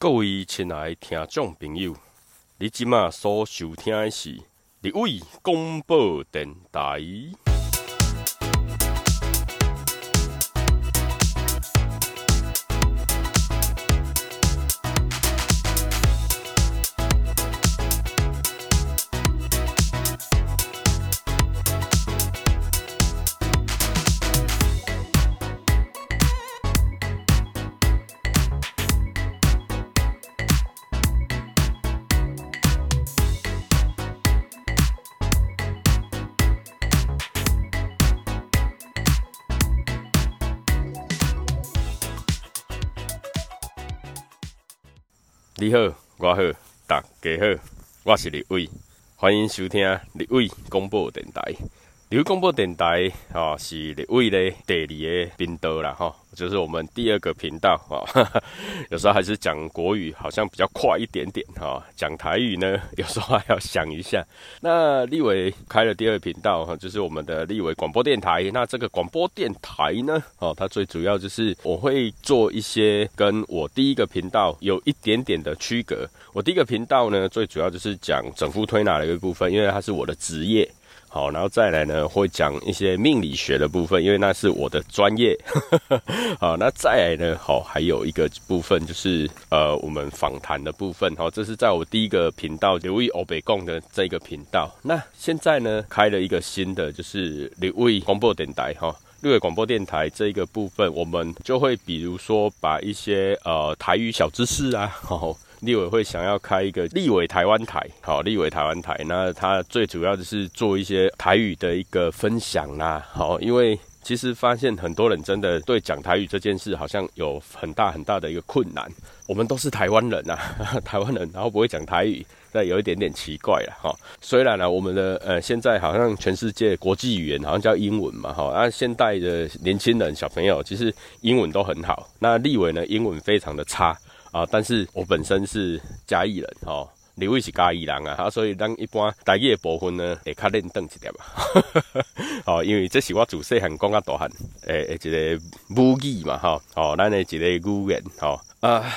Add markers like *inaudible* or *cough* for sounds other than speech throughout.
各位親愛的聽眾朋友，你即馬所收聽的是立幃廣播電台。你好，我好，大家好，我是立幃，歡迎收聽立幃廣播電台。劉廣播電臺啊、哦，是立幃的第二個頻道了哈、哦，就是我們第二個頻道啊、哦。有時候還是講國語好像比較快一點點哈、哦，講台語呢，有時候還要想一下。那立幃開了第二個頻道哈、哦，就是我們的立幃廣播電臺。那這個廣播電臺呢，哦，它最主要就是我會做一些跟我第一個頻道有一點點的區隔。我第一個頻道呢，最主要就是講整復推拿的一個部分，因為它是我的職業。好，然後再來呢，會講一些命理學的部分，因為那是我的專業。呵呵好，那再來呢，好，還有一個部分就是呃，我們訪談的部分。好、哦，這是在我第一個頻道立幃歐北貢的這個頻道。那現在呢，開了一個新的就是立幃廣播電台。哈、哦，立幃廣播電台這個部分，我們就會比如說把一些呃台語小知識啊，吼立幃會想要開一個立幃台灣台，好，立幃台灣台，那它最主要的是做一些台語的一個分享啦、啊，好，因為其實發現很多人真的對講台語這件事好像有很大很大的一個困難，我們都是台灣人吶、啊，台灣人，然後不會講台語，那有一點點奇怪了哈。雖然呢、啊，我們的呃現在好像全世界國際語言好像叫英文嘛，哈，那、啊、現代的年輕人小朋友其實英文都很好，那立幃呢英文非常的差。啊，但是我本身是嘉義人，吼、哦，立幃是嘉義人啊，啊，所以咱一般台語的部分呢，會較認真一點吧，哦，因為這是我從細漢講到大漢，誒，一個母語嘛，哈，哦，咱的一個語言，哈、哦，啊、呃，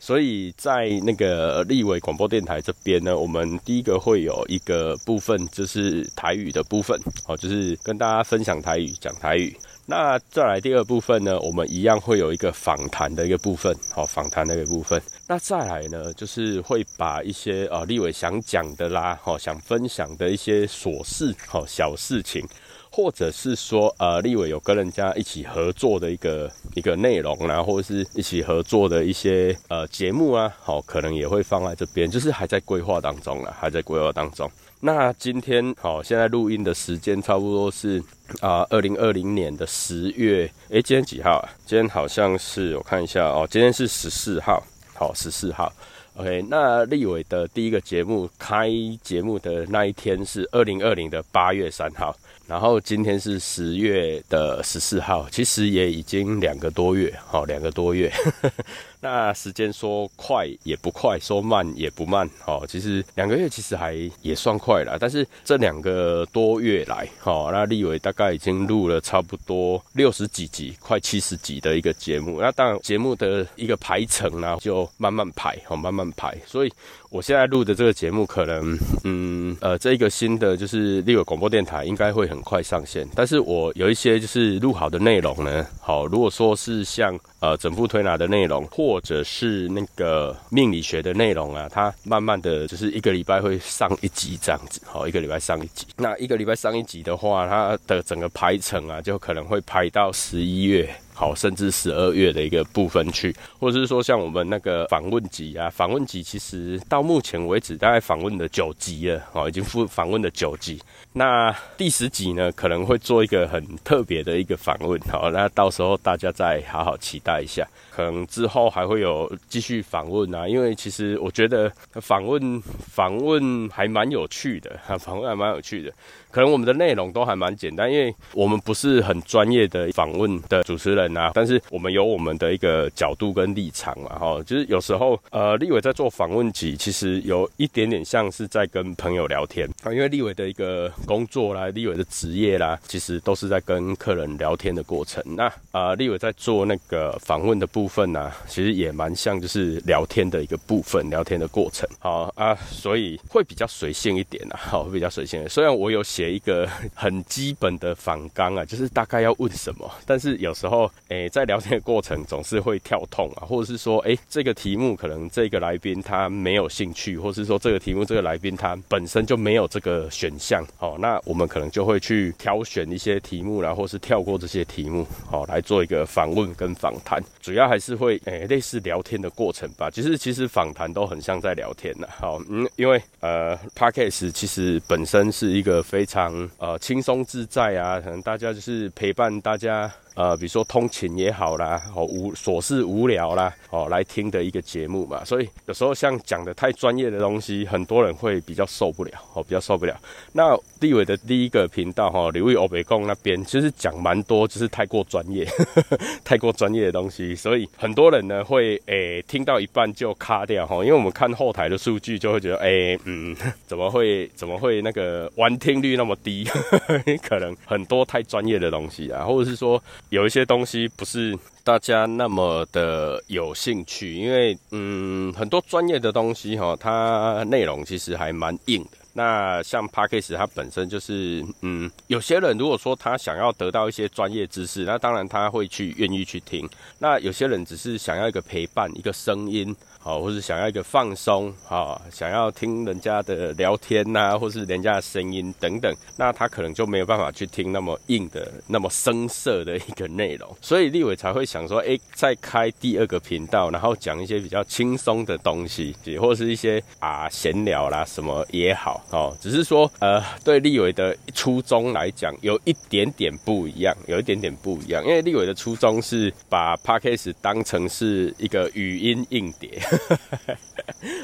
所以在那個立幃廣播電臺這邊呢，我們第一個會有一個部分，就是台語的部分，好、哦，就是跟大家分享台語，講台語。那再來第二部分呢，我們一樣會有一個訪談的一個部分，好，訪談的一個部分。那再來呢，就是會把一些啊立幃想講的啦，好，想分享的一些瑣事，好，小事情。或者是說，呃，立幃有跟人家一起合作的一個一個內容啊，啊或者是一起合作的一些呃節目啊，好、哦，可能也會放在這邊，就是還在規劃當中啦，還在規劃當中。那今天好、哦，現在錄音的時間差不多是啊，二零二零年的十月，誒、欸，今天幾號啊？今天好像是我看一下哦，今天是十四號，好、哦，十四號。OK，那立幃的第一個節目開節目的那一天是二零二零的八月三號。然後今天是十月的十四號，其實也已經兩個多月，好兩個多月。 *laughs* 那時間說快也不快，說慢也不慢，哦，其實兩個月其實還也算快了。但是這兩個多月來，哦，那立幃大概已經錄了差不多六十幾集，快七十幾集的一個節目。那當然，節目的一個排程呢、啊，就慢慢排，哦，慢慢排。所以我現在錄的這個節目，可能，嗯，呃，這一個新的就是立幃廣播電台應該會很快上線。但是我有一些就是錄好的內容呢，好，如果說是像。呃，整復推拿的內容，或者是那個命理學的內容啊，它慢慢的就是一個禮拜會上一集這樣子，好，一個禮拜上一集。那一個禮拜上一集的話，它的整個排程啊，就可能會排到十一月。好，甚至十二月的一個部分去，或者是說像我們那個訪問集啊，訪問集其實到目前為止大概訪問了九集了，哦，已經覆訪問了九集，那第十集呢，可能會做一個很特別的一個訪問，好，那到時候大家再好好期待一下，可能之後還會有繼續訪問啊，因為其實我覺得訪問訪問還蠻有趣的，訪問還蠻有趣的。可能我們的內容都還蠻簡單，因為我們不是很專業的訪問的主持人啊，但是我們有我們的一個角度跟立場嘛，哈，就是有時候呃，立幃在做訪問集，其實有一點點像是在跟朋友聊天。啊，因為立幃的一個工作啦，立幃的職業啦，其實都是在跟客人聊天的過程。那啊、呃，立幃在做那個訪問的部分呢、啊，其實也蠻像就是聊天的一個部分，聊天的過程。好啊，所以會比較隨性一點啦、啊。好，比較隨性一點。雖然我有寫一個很基本的訪綱啊，就是大概要問什麼，但是有時候誒、欸，在聊天的過程總是會跳痛啊，或者是說，誒、欸，這個題目可能這個來賓他沒有興趣，或是說這個題目這個來賓他本身就沒有。這個選項，好，那我們可能就會去挑選一些題目，然後，或是跳過這些題目，哦，來做一個訪問跟訪談，主要還是會誒、欸、類似聊天的過程吧。其實其實訪談都很像在聊天呢，好，嗯，因為呃 podcast 其實本身是一個非常呃輕鬆自在啊，可能大家就是陪伴大家。呃，比如說通勤也好啦，哦、喔，無瑣事無聊啦，哦、喔，來聽的一個節目嘛，所以有時候像講的太專業的東西，很多人會比較受不了，哦、喔，比較受不了。那立幃的第一個頻道哈，立幃黑白摃那邊，其實講蠻多，就是太過專業呵呵，太過專業的東西，所以很多人呢會誒、欸、聽到一半就卡掉哈、喔，因為我們看後台的數據就會覺得，哎、欸，嗯，怎麼會怎麼會那個完聽率那麼低？呵呵可能很多太專業的東西啊，或者是說。有一些東西不是大家那麼的有興趣，因為嗯，很多專業的東西哈，它內容其實還蠻硬的。那像 Podcast 它本身就是，嗯，有些人如果說他想要得到一些專業知識，那當然他會去願意去聽。那有些人只是想要一個陪伴，一個聲音，好，或是想要一個放鬆，好，想要聽人家的聊天吶、啊，或是人家的聲音等等，那他可能就沒有辦法去聽那麼硬的、那麼生澀的一個內容。所以立幃才會想說，哎、欸，再開第二個頻道，然後講一些比較輕鬆的東西，或是一些啊閒聊啦什麼也好。哦，只是說，呃，對立幃的初衷來講，有一點點不一樣，有一點點不一樣。因為立幃的初衷是把 Podcast 當成是一個語音硬碟。呵呵呵，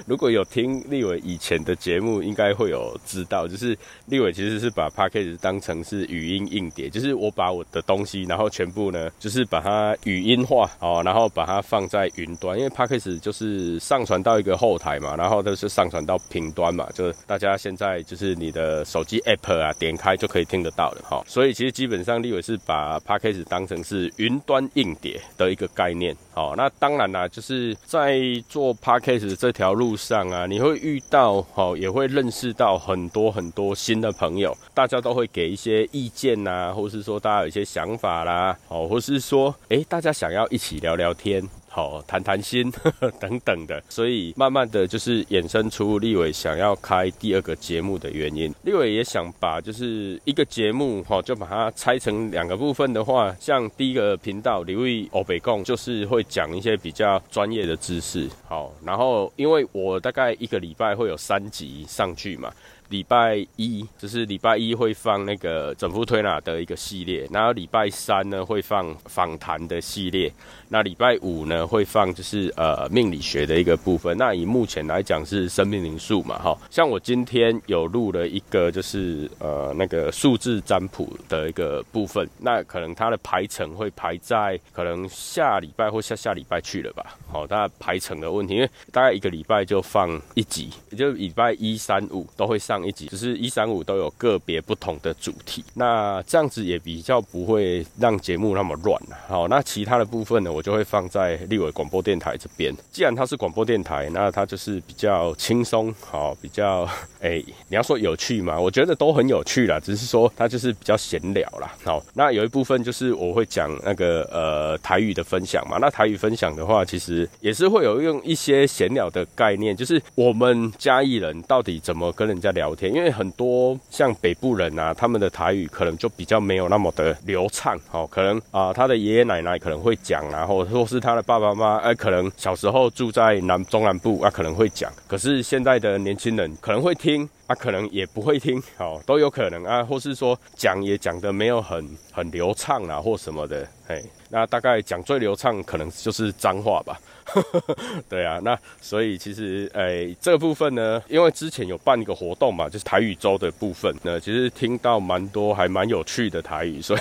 如果有聽立幃以前的節目，應該會有知道，就是立幃其實是把 Podcast 當成是語音硬碟，就是我把我的東西，然後全部呢，就是把它語音化，哦，然後把它放在雲端，因為 Podcast 就是上傳到一個後台嘛，然後就是上傳到平端嘛，就是大家先。現在就是你的手機 app 啊，點開就可以聽得到了哈。所以其實基本上立幃是把 Podcast 當成是雲端硬碟的一個概念。好，那當然啦、啊，就是在做 Podcast 這條路上啊，你會遇到好，也會認識到很多很多新的朋友。大家都會給一些意見啊，或是說大家有一些想法啦，好，或是說誒、欸，大家想要一起聊聊天。好，談談心，呵呵，等等的，所以慢慢的就是衍生出立幃想要開第二個節目的原因。立幃也想把就是一個節目，哈，就把它拆成兩個部分的話，像第一個頻道立幃歐北貢，就是會講一些比較專業的知識。好，然後因為我大概一個禮拜會有三集上去嘛。禮拜一就是禮拜一會放那個整復推拿的一個系列，然後禮拜三呢會放訪談的系列，那禮拜五呢會放就是呃命理學的一個部分。那以目前來講是生命靈數嘛，哈，像我今天有錄了一個就是呃那個數字占卜的一個部分，那可能它的排程會排在可能下禮拜或下下禮拜去了吧，好，大家排程的問題，因為大概一個禮拜就放一集，也就禮拜一、三、五都會上。一集只，就是一三五都有個別不同的主題，那這樣子也比較不會讓節目那麼亂、啊。好，那其他的部分呢，我就會放在立幃廣播電台這邊。既然它是廣播電台，那它就是比較輕鬆。好，比較誒、欸，你要說有趣嘛，我覺得都很有趣啦，只是說它就是比較閒聊啦。好，那有一部分就是我會講那個呃台語的分享嘛。那台語分享的話，其實也是會有用一些閒聊的概念，就是我們嘉義人到底怎麼跟人家聊。聊天，因為很多像北部人啊，他們的台語可能就比較沒有那麼的流暢，哦，可能啊、呃，他的爺爺奶奶可能會講、啊，然後或是他的爸爸媽媽，哎、呃，可能小時候住在南中南部，啊，可能會講，可是現在的年輕人可能會聽，啊，可能也不會聽，哦，都有可能啊，或是說講也講的沒有很很流暢啊，或什麼的，哎，那大概講最流暢可能就是髒話吧。 *laughs* 對啊，那所以其實哎、欸、這個部分呢，因為之前有辦一個活動嘛，就是台語周的部分，呢，其實聽到蠻多還蠻有趣的台語，所以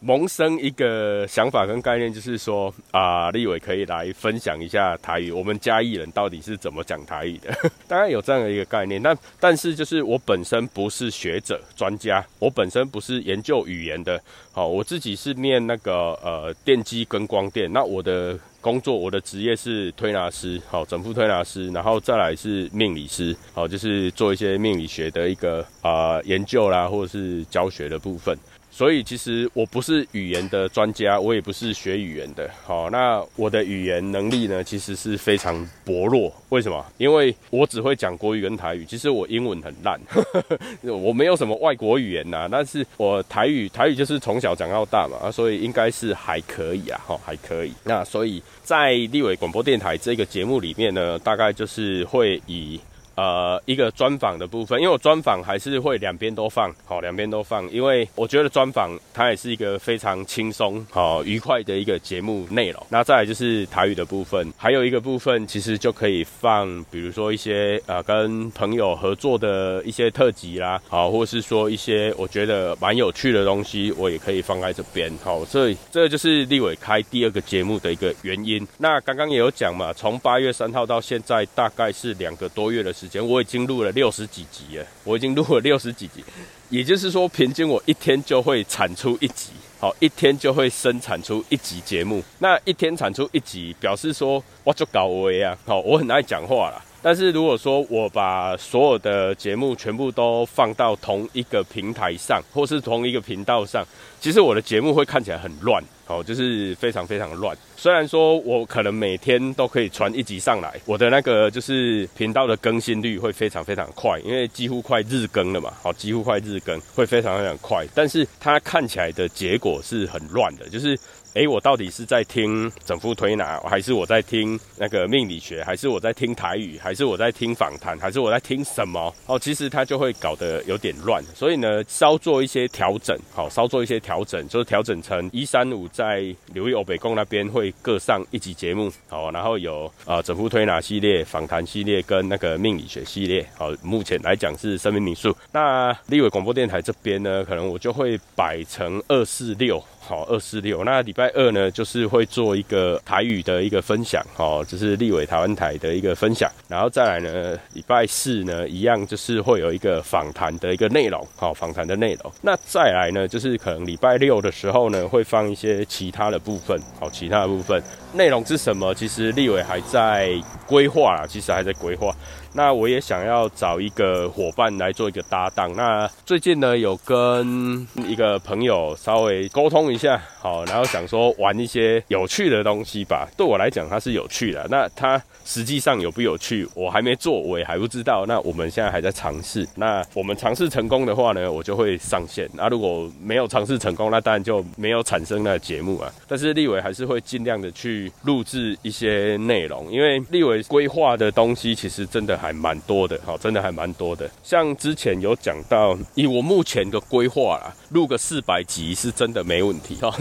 萌生一個想法跟概念，就是說啊、呃，立幃可以來分享一下台語，我們嘉義人到底是怎麼講台語的呵呵。當然有這樣的一個概念，那但是就是我本身不是學者專家，我本身不是研究語言的，好、哦，我自己是念那個呃電機跟光電，那我的。工作，我的職業是推拿師，好，整復推拿師，然後再來是命理師，好，就是做一些命理學的一個啊、呃、研究啦，或者是教學的部分。所以其實我不是語言的專家，我也不是學語言的。好，那我的語言能力呢，其實是非常薄弱。為什麼？因為我只會講國語跟台語。其實我英文很爛，呵呵，我沒有什麼外國語言吶、啊。但是我台語台語就是從小講到大嘛，所以應該是還可以啊，哈，還可以。那所以在立幃廣播電台這個節目裡面呢，大概就是會以。呃，一個專訪的部分，因為我專訪還是會兩邊都放，好，兩邊都放，因為我覺得專訪它也是一個非常輕鬆，好，愉快的一個節目內容。那再來就是台語的部分，還有一個部分其實就可以放，比如說一些呃跟朋友合作的一些特輯啦，好，或是說一些我覺得蠻有趣的東西，我也可以放在這邊，好，所以這個就是立幃開第二個節目的一個原因。那剛剛也有講嘛，從八月三號到現在大概是兩個多月的時間。前我已經錄了六十幾集了，我已經錄了六十幾集，也就是說，平均我一天就會產出一集，好，一天就會生產出一集節目。那一天產出一集，表示說我就高維啊，好，我很愛講話啦。但是如果說我把所有的節目全部都放到同一個平台上，或是同一個頻道上，其實我的節目會看起來很亂，好，就是非常非常亂。雖然說我可能每天都可以傳一集上來，我的那個就是頻道的更新率會非常非常快，因為幾乎快日更了嘛，好，幾乎快日更會非常非常快，但是它看起來的結果是很亂的，就是。哎，我到底是在聽整復推拿，還是我在聽那個命理學，還是我在聽台語，還是我在聽訪談，還是我在聽什麼？哦，其實它就會搞得有點亂，所以呢，稍做一些調整，好、哦，稍做一些調整，就是調整成一三五在立幃黑白摃那邊會各上一集節目，好、哦，然後有啊、呃、整復推拿系列、訪談系列跟那個命理學系列，好、哦，目前來講是生命名數。那立幃廣播電台這邊呢，可能我就會擺成二四六。好，二四六。那禮拜二呢，就是會做一個台語的一個分享，好、哦，就是立幃台灣台的一個分享。然後再來呢，禮拜四呢，一樣就是會有一個訪談的一個內容，好、哦，訪談的內容。那再來呢，就是可能禮拜六的時候呢，會放一些其他的部分，好、哦，其他的部分內容是什麼？其實立幃還在規劃啦，其實還在規劃。那我也想要找一個夥伴來做一個搭檔。那最近呢，有跟一個朋友稍微溝通一下，好，然後想說玩一些有趣的東西吧。對我來講，它是有趣的。那它實際上有不有趣，我還沒做，我也還不知道。那我們現在還在嘗試。那我們嘗試成功的話呢，我就會上線。那如果沒有嘗試成功，那當然就沒有產生了節目啊。但是立幃還是會盡量的去錄製一些內容，因為立幃規劃的東西其實真的還。還蠻多的、喔，真的還蠻多的。像之前有講到，以我目前的規劃啊，錄個四百集是真的沒問題，喔，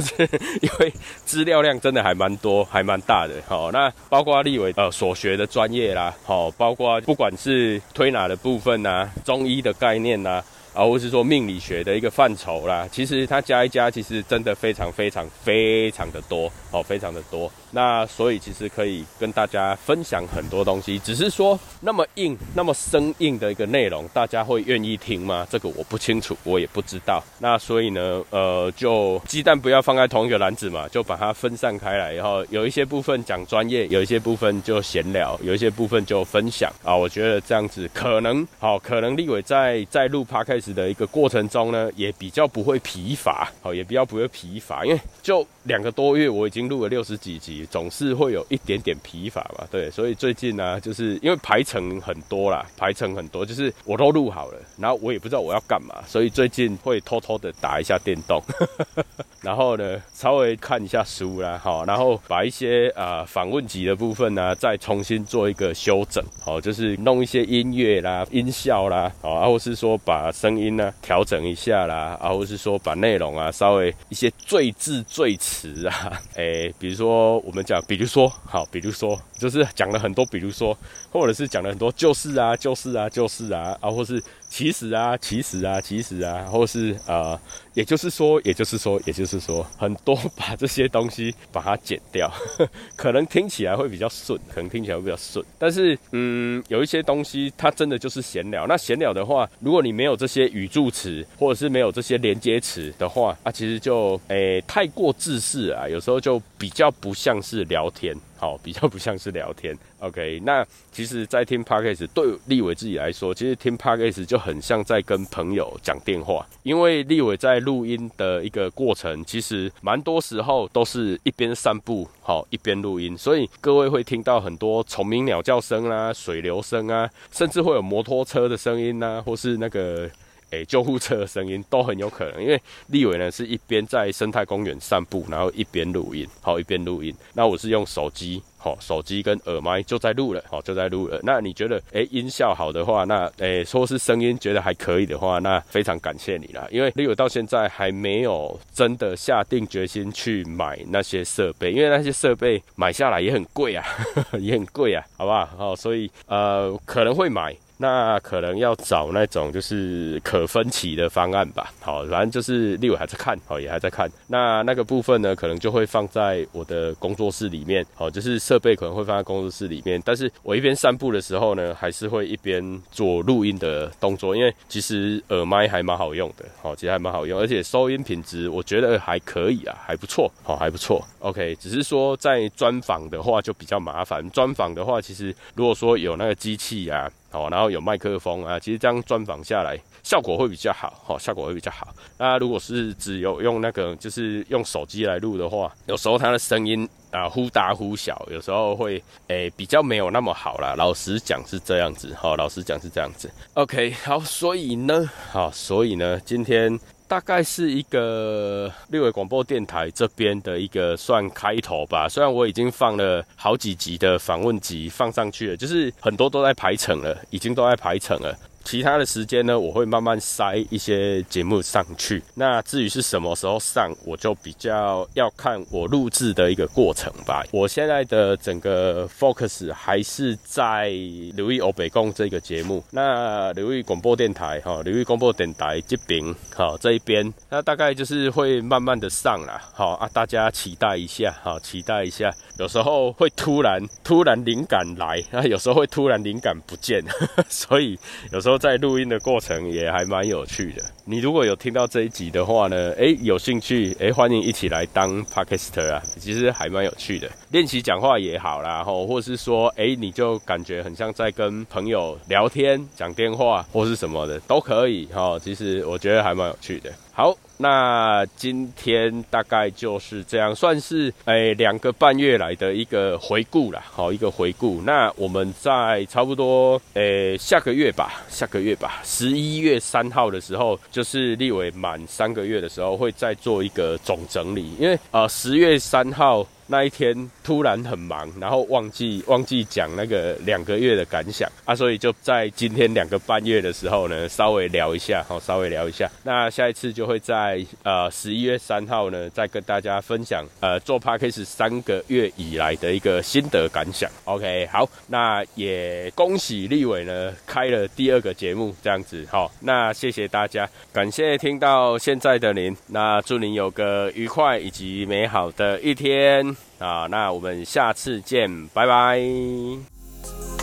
因為資料量真的還蠻多，還蠻大的、喔，那包括立幃呃所學的專業啦，好，喔，包括不管是推拿的部分吶、啊，中醫的概念吶，啊，或是說命理學的一個範疇啦，其實他加一加，其實真的非常非常非常的多，好，喔，非常的多。那所以其實可以跟大家分享很多東西，只是說那麼硬那麼生硬的一個內容，大家會願意聽嗎？這個我不清楚，我也不知道。那所以呢，呃，就雞蛋不要放在同一個籃子嘛，就把它分散開來以後。然後有一些部分講專業，有一些部分就閒聊，有一些部分就分享啊。我覺得這樣子可能好，可能立幃在在錄 Podcast 的一個過程中呢，也比較不會疲乏，好，也比較不會疲乏，因為就兩個多月我已經錄了六十幾集。總是會有一點點疲乏吧，對，所以最近呢、啊，就是因為排程很多啦，排程很多，就是我都錄好了，然後我也不知道我要幹嘛，所以最近會偷偷的打一下電動， *laughs* 然後呢，稍微看一下書啦，好，然後把一些啊訪問集的部分呢、啊，再重新做一個修整，好，就是弄一些音樂啦、音效啦，好，然後是說把聲音呢、啊、調整一下啦，啊，或是說把內容啊稍微一些贅字贅詞啊，哎，比如說。我們講，比如說，好，比如說，就是講了很多，比如說，或者是講了很多，就是啊，就是啊，就是啊，啊，或是。其實啊，其實啊，其實啊，或是呃，也就是說，也就是說，也就是說，很多把這些東西把它剪掉 *laughs* 可，可能聽起來會比較順，可能聽起來會比較順。但是，嗯，有一些東西它真的就是閒聊。那閒聊的話，如果你沒有這些語助詞，或者是沒有這些連接詞的話，啊，其實就誒、欸、太過制式啊，有時候就比較不像是聊天。好，比較不像是聊天。OK，那其實，在聽 Podcast 對立幃自己來說，其實聽 Podcast 就很像在跟朋友講電話。因為立幃在錄音的一個過程，其實蠻多時候都是一邊散步，好一邊錄音，所以各位會聽到很多蟲鳴鳥叫聲啊、水流聲啊，甚至會有摩托車的聲音啊，或是那個。誒、欸，救護車的聲音都很有可能，因為立幃呢是一邊在生態公園散步，然後一邊錄音，好一邊錄音。那我是用手機，好手機跟耳麥就在錄了，好就在錄了。那你覺得誒、欸、音效好的話，那誒、欸、說是聲音覺得還可以的話，那非常感謝你啦，因為立幃到現在還沒有真的下定決心去買那些設備，因為那些設備買下來也很貴啊呵呵，也很貴啊，好不好？哦，所以呃可能會買。那可能要找那種就是可分期的方案吧。好，反正就是立幃還在看，好也還在看。那那個部分呢，可能就會放在我的工作室裡面。好，就是設備可能會放在工作室裡面。但是我一邊散步的時候呢，還是會一邊做錄音的動作，因為其實耳麥還蠻好用的。好，其實還蠻好用，而且收音品質我覺得還可以啊，還不錯。好，還不錯。OK，只是說在專訪的話就比較麻煩。專訪的話，其實如果說有那個機器啊。好、哦，然後有麥克風啊，其實這樣專訪下來效果會比較好，哈、哦，效果會比較好。那如果是只有用那個，就是用手機來錄的話，有時候它的聲音啊忽大忽小，有時候會誒、欸、比較沒有那麼好啦，老實講是這樣子，哈、哦，老實講是這樣子。OK，好，所以呢，好，所以呢，今天。大概是一個立幃廣播電台這邊的一個算開頭吧，雖然我已經放了好幾集的訪問集放上去了，就是很多都在排程了，已經都在排程了。其他的時間呢，我會慢慢塞一些節目上去。那至於是什麼時候上，我就比較要看我錄制的一個過程吧。我現在的整個 focus 還是在立幃歐北摃這個節目。那立幃廣播電台，哦，立幃廣播電台這邊，好，這一邊，那大概就是會慢慢的上啦。好啊，大家期待一下，好，期待一下。有時候會突然突然靈感來，那有時候會突然靈感不見，所以有時候。在錄音的過程也還蠻有趣的。你如果有聽到這一集的話呢，哎、欸，有興趣，哎、欸，歡迎一起來當 podcaster 啊，其實還蠻有趣的，練習講話也好啦，然後或是說，哎、欸，你就感覺很像在跟朋友聊天、講電話或是什麼的都可以，哈，其實我覺得還蠻有趣的。好，那今天大概就是這樣，算是哎、欸，兩個半月來的一個回顧啦，好，一個回顧。那我們在差不多，哎、欸，下個月吧，下個月吧，十一月三號的時候，就是立幃滿三個月的時候，會再做一個總整理，因為呃，十月三號。那一天突然很忙，然後忘記忘記講那個兩個月的感想啊，所以就在今天兩個半月的時候呢，稍微聊一下，好、哦，稍微聊一下。那下一次就會在呃十一月三號呢，再跟大家分享呃做 Podcast 三個月以來的一個心得感想。OK，好，那也恭喜立幃呢開了第二個節目，這樣子哈、哦。那謝謝大家，感謝聽到現在的您，那祝您有個愉快以及美好的一天。啊，那我們下次見，拜拜。